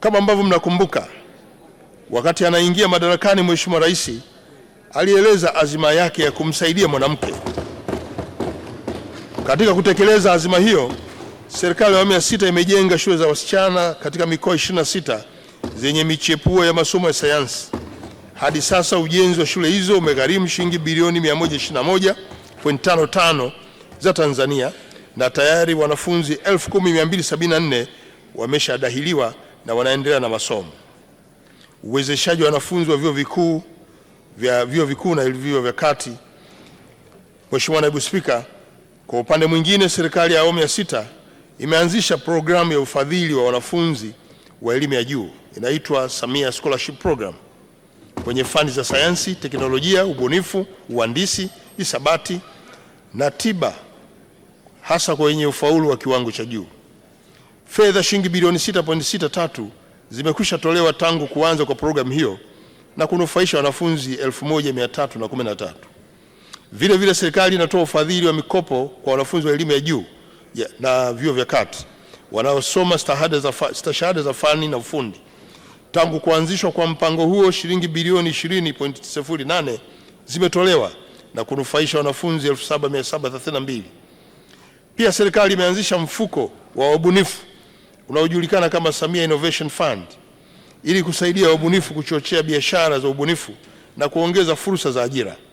Kama ambavyo mnakumbuka, wakati anaingia madarakani Mheshimiwa Rais alieleza azima yake ya kumsaidia mwanamke. Katika kutekeleza azima hiyo, serikali ya awamu ya sita imejenga shule za wasichana katika mikoa 26 zenye michepuo ya masomo ya sayansi. Hadi sasa ujenzi wa shule hizo umegharimu shilingi bilioni 121.55 za Tanzania na tayari wanafunzi 10274 wameshadahiliwa na wanaendelea na masomo. Uwezeshaji wa wanafunzi wa vyuo vikuu vya vyuo vikuu na vyuo vya kati. Mheshimiwa Naibu Spika, kwa upande mwingine, serikali ya awamu ya sita imeanzisha programu ya ufadhili wa wanafunzi wa elimu ya juu inaitwa Samia Scholarship Program kwenye fani za sayansi, teknolojia, ubunifu, uhandisi, hisabati na tiba hasa kwenye ufaulu wa kiwango cha juu. Fedha shilingi bilioni 6.63 zimekwisha tolewa tangu kuanza kwa programu hiyo na kunufaisha wanafunzi 1313. Vile vile serikali inatoa ufadhili wa mikopo kwa wanafunzi wa elimu ya juu na vyuo vya kati wanaosoma stashahada za fani na ufundi. Tangu kuanzishwa kwa mpango huo, shilingi bilioni 20.08 zimetolewa na kunufaisha wanafunzi 7732. Pia serikali imeanzisha mfuko wa wabunifu unaojulikana kama Samia Innovation Fund ili kusaidia wabunifu kuchochea biashara za ubunifu na kuongeza fursa za ajira.